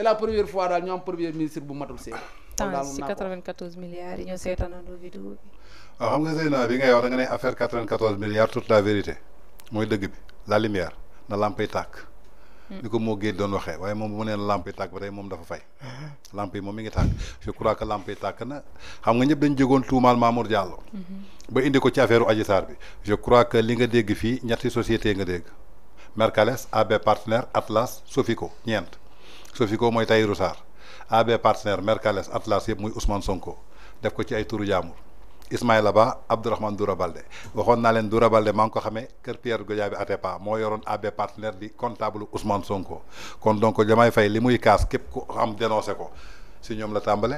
c'est la première fois daal ñu am premier ministre bu matul seet. daal si 94 milliards yi ñoo seetaanandoo vidéo Ah, waaw xam nga Zeyna bi ngay wax da nga ne affaire 94 milliards toute la vérité mooy dëgg bi la lumière na lampay tàkk. ni ko moo géej doon waxee waaye moom bu mu neen lamp yi tàkk ba tey moom dafa fay lamp yi moom mi ngi tàkk je crois que lamp yi tàkk na xam nga ñëpp dañ jógoon tuumaal Mamour Diallo mm-hmm. ba indi ko ci affaire u Adji Sarr bi je crois que li nga dégg fii ñetti société nga dégg Mercales AB Partenaire Atlas Sofico ñeent Sofico mooy Tahirou Sarr AB partenaire Mercales Atlas yëpp muy Ousmane Sonko def ko ci ay turu jaamur Ismaïla Ba Abdourahmane Doura Balde waxoon naa leen Doura Balde maa ngi ko xamee kër Pierre Goudiaby Atepa moo yoroon abe partenaire di comptable Ousmane Sonko kon donc damay fay li muy kaas képp ku am dénoncé ko si ñoom la tàmbale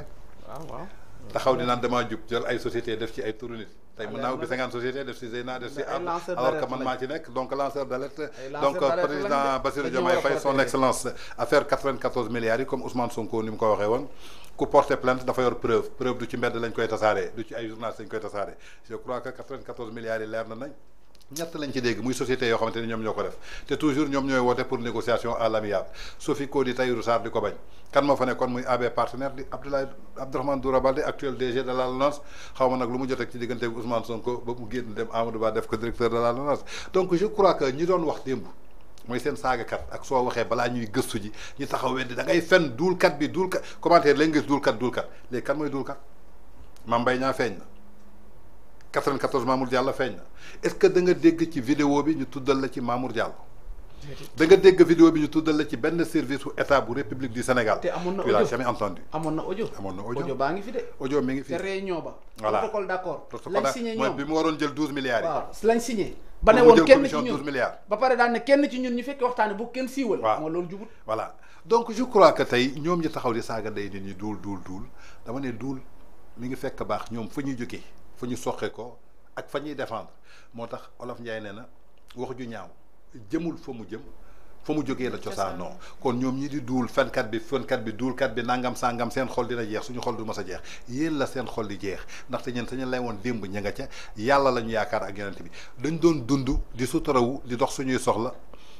ah, waaw taxaw di naan jub jël ay société def ci ay turu nit tey mën naa ubbi cinquante société def ci Zeyna def ci alors que maa ci nekk donc lanceur d'alerte donc euh, président Bassirou Diomaye Faye son excellence affaire 94 milliards yi comme Ousmane Sonko ni mu ko waxee woon ku porter plainte dafa yor preuve preuve du ci mbedd lañ koy tasaaree du ci ay journalistes lañ koy tasaaree je crois que 94 milliards yi leer na nañ ñett lañ ci dégg muy société yoo xamante ni ñoom ñoo ko def te toujours ñoom ñooy woote pour négociation à l'amiable Sophie Cody tayru Sarr di ko bañ kan moo fa kon muy AB partenaire di Abdoulaye Abdourahmane Doura balde actuel DG de la LONASE xaw ma nag lu mu jot ak ci diggante Ousmane Sonko ba mu génn dem Amadou Ba def ko directeur de la LONASE donc je crois que ñi doon wax démb mooy seen kat ak soo waxee balaa ñuy gëstu ji ñu taxaw weddi da ngay fen kat bi duulkat commentaire lañ kat duulkat kat léegi kan mooy duulkat Mame Mbaye Niang feeñ na 94 Mamour feeñ na est-ce que da nga dégg ci vidéo bi ñu tuddal la ci Mamour Diallo. da nga dégg vidéo bi ñu tuddal la ci benn service su état bu république du Sénégal. te amoon na audio tu l'as jamais entendu. amoon na audio amoon na audio audio baa ngi fi de. audio mi ngi fi te réunion ba. voilà d'accord. lañ signé ñoom bi mu waroon jël milliards lañ signé. ba ne woon kenn ci ñun milliards. ba pare daan ne kenn ñu fekk waxtaane siiwal. moo loolu jubut. voilà donc je crois que tey ñoom ñi taxaw di saaga day nit ñi duul duul duul dama ne duul mi ngi fekk baax ñoom fa ñuy jógee fa ñu soqe ko ak fa ñuy défendre moo tax Olof Njaay nee na wax ju ñaaw jëmul fa mu jëm fa mu jógee la cosaanoo kon ñoom ñi di duul fenkat bi fenkat bi duulkat bi nangam sangam seen xol dina jeex suñu xol du ma sa jeex yéen la seen xol di jeex ndaxte ñeen sañu lay woon démb ña nga ca yàlla la ñu yaakaar ak yonent bi dañ doon dund di suturawu di dox suñuy soxla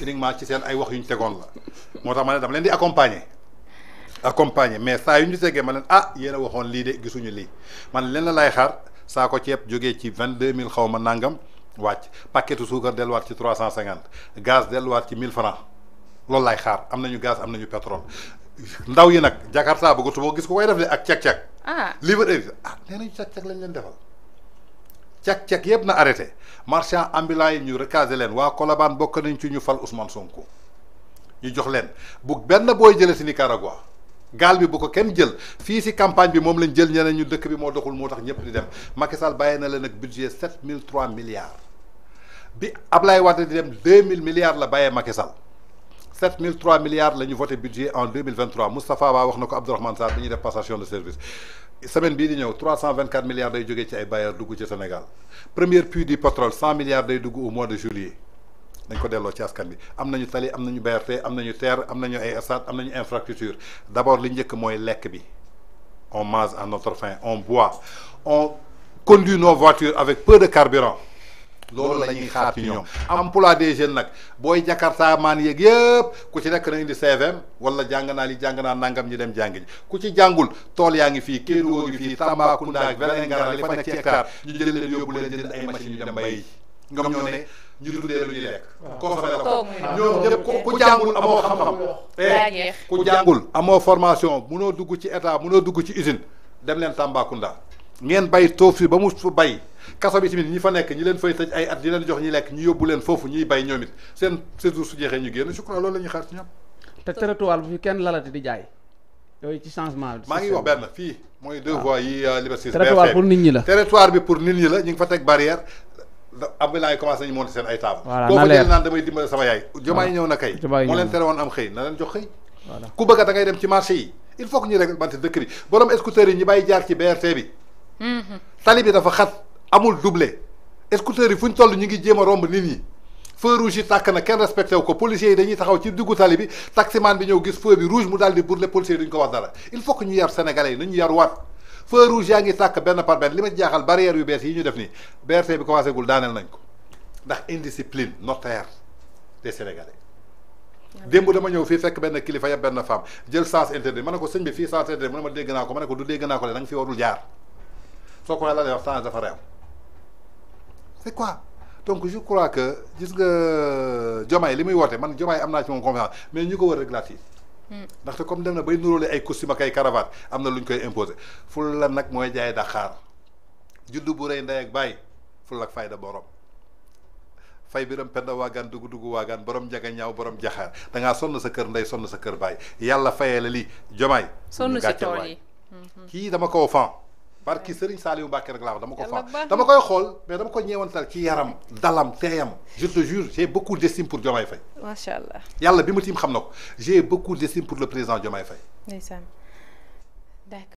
uniquement ci seen ay wax yu ñu tegoon la moo tax ma ne dama leen di accompagner accompagner mais saa yu ñu tegee ma leen ah yéen waxoon lii de gisuñu lii man leen la lay xaar saa ko ceeb jógee ci vingt deux mille xaw ma nangam wàcc paquetu suukar delluwaat ci trois cent cinquante gaz delluwaat ci mille francs loolu laay xaar am na ñu gaz am nañu pétrole ndaw yi nag Jakarta bëggatu boo gis ko koy def de ak cek-cek. ah livreur ah nee nañu cek-cek leen defal. cek-cek yëpp na arrêté marchand ambulant yi ñu leen waa Colobane bokk nañ ci ñu fal Ousmane Sonko ñu jox leen bu benn booy jëlee si Nicaragua gaal bi bu ko kenn jël fii si campagne bi moom lañ jël ñeneen ñu dëkk bi moo doxul moo tax ñëpp di dem Macky Sall bàyyi na leen ak budget sept mille trois milliards bi Ablaye Wade di dem deux mille milliards la bàyyee Macky 7003 milliards les nouveaux voté budget en 2023 Moustapha Ba wax nos Abdourahmane def passation de service semaine bi di 324 milliards de joggé ci ay bailleurs dugg Sénégal premier puits du pétrole 100 milliards de dugg au mois de juillet dañ ko dello ci askan bi am nañu tali am nañu BRT am nañu terre am nañu ay stade am nañu infrastructure d'abord li on mange à notre fin on boit on conduit nos voitures avec peu de carburant loolu la ñuy xaar ci ñoom emploi des jeunes nag booy jakarta maan yeeg yëpp ku ci nekk na indi CVM wala jàng naa li jàng naa nangam ñi dem jàng ji ku ci jàngul tool yaa ngi fii Kédougou ngi fii Tambacounda ak naa li fa nekk ci hectare ñu jël leen yóbbu leen jënd ay machines yu dem bay ñoom ñoo ne ñu dundee lu ñuy lekk koo fa la ñoom ñëpp ku jàngul amoo eh, ku jàngul amoo formation munoo dugg ci état munoo dugg ci usine dem leen Tambacounda ngeen bay toof fi ba mu bay kaso bi tamit ñi fa nekk ñi leen fay tëj ay at ñi leen jox ñi lekk ñu yóbbu leen foofu su jeexee ñu génn je crois loolu la ñuy xaar ci ñoom. te territoire di jaay. yooyu ci changement bi. ngi wax fii mooy deux voies yi euh, Liberté pour nit ñi la ñi ñu ngi fa teg barrière. ambulants yi commencé nañu monter seen ay table. voilà na leer naan damay dimbale sama yaay. jomaay ñëw na kay. jomaay leen tere woon am xëy na leen jox xëy. ku bëgg da dem ci marché yi il faut que ñu réglementé dëkk bi borom écouteurs yi ñi bàyyi jaar tali bi dafa xat amul doublé scooter yi fu ñu toll ñu ngi jéem a romb nit ñi feu rouge yi tàkk na kenn respecté wu ko policiers yi dañuy taxaw ci diggu tali bi taximaan bi ñëw gis feu bi rouge mu daal di bourle policiers yi duñ ko wax dara il faut que ñu yar sénégalais yi nañu yar waat feu rouge yaa ngi tàkk benn par benn li ma jaaxal barrière yu bees yi ñu def nii BRT bi commencé gul daaneel nañ ko ndax indiscipline notaire des sénégalais. démb dama ñëw fii fekk benn kilifa ya naa ko ma fi soo ko la lay wax dafa réew c'est quoi donc je crois que gis nga Diomaye li muy woote man Diomaye am naa ci moom confiance mais ñu ko war a glacis ndaxte comme dem na bay nuroole ay costume ak ay cravate am na lu ñu koy imposé ful la nag mooy jaay daxaar juddu bu rey ndey ak bàyyi ful ak fayda borom fay biram penda waagaan duggu dugu waagaan borom njaga ñaaw borom jaxaar da sonn sa kër ndey sonn sa kër bàyyi yàlla fayee la lii Diomaye sonn si tool yi hmm, hmm. kii barki Serigne Saliou Mbacké rek laa dama ko faa dama koy xool mais dama ko ñeewantal ci yaram dalam teeyam je te jure j'ai beaucoup d'estime pour Diomaye Faye macha allah yàlla bi ma tiim xam na ko j'ai beaucoup d'estime pour le président Diomaye Faye ndeysaan